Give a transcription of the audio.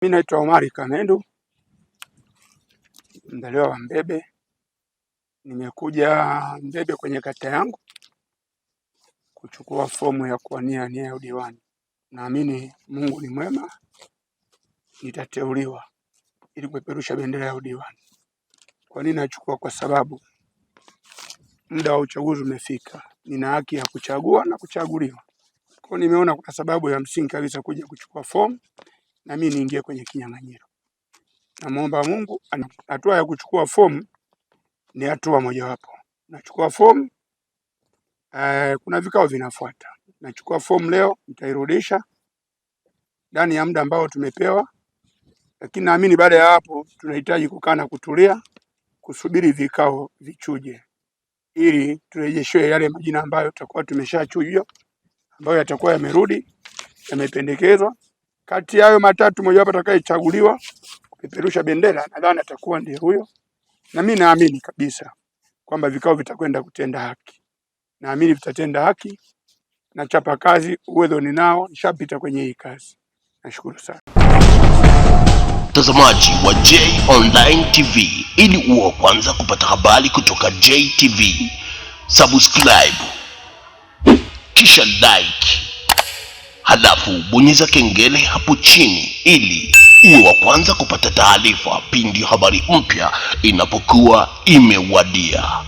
mi naitwa Omari Kamendu, mzaliwa wa Mbebe. Nimekuja Mbebe kwenye kata yangu kuchukua fomu ya kuwania nia ya udiwani. Naamini Mungu ni mwema, nitateuliwa ili kupeperusha bendera ya udiwani. Kwa nini nachukua? Kwa sababu muda wa uchaguzi umefika, nina haki ya kuchagua na kuchaguliwa. Kwa hiyo nimeona kuna sababu ya msingi kabisa kuja kuchukua fomu na mimi niingie kwenye kinyang'anyiro. Namwomba Mungu. Hatua ya kuchukua fomu ni hatua mojawapo, nachukua fomu eh, kuna vikao vinafuata. Nachukua fomu leo, nitairudisha ndani ya muda ambao tumepewa, lakini naamini baada ya hapo tunahitaji kukaa na kutulia, kusubiri vikao vichuje, ili turejeshwe yale majina ambayo tutakuwa tumeshachujwa ambayo yatakuwa yamerudi yamependekezwa kati yayo matatu moja mojawapo atakayechaguliwa kupeperusha bendera nadhani atakuwa ndiye huyo, na mimi naamini kabisa kwamba vikao vitakwenda kutenda haki. Naamini vitatenda haki na chapa kazi, uwezo ninao, nishapita kwenye hii kazi. Nashukuru sana mtazamaji wa J Online TV, ili uwe wa kwanza kupata habari kutoka JTV, subscribe kisha like halafu bonyeza kengele hapo chini ili uwe wa kwanza kupata taarifa pindi habari mpya inapokuwa imewadia.